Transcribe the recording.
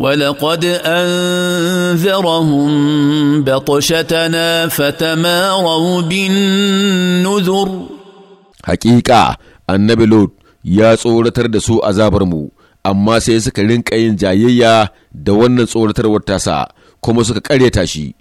ولقد انذرهم بطشتنا فتماروا بالنذر حقيقه annabi Lot ya tsoratar da su azabarmu amma sai suka rinka yin jayayya da wannan tsoratarwar tasa kuma suka ƙaryata shi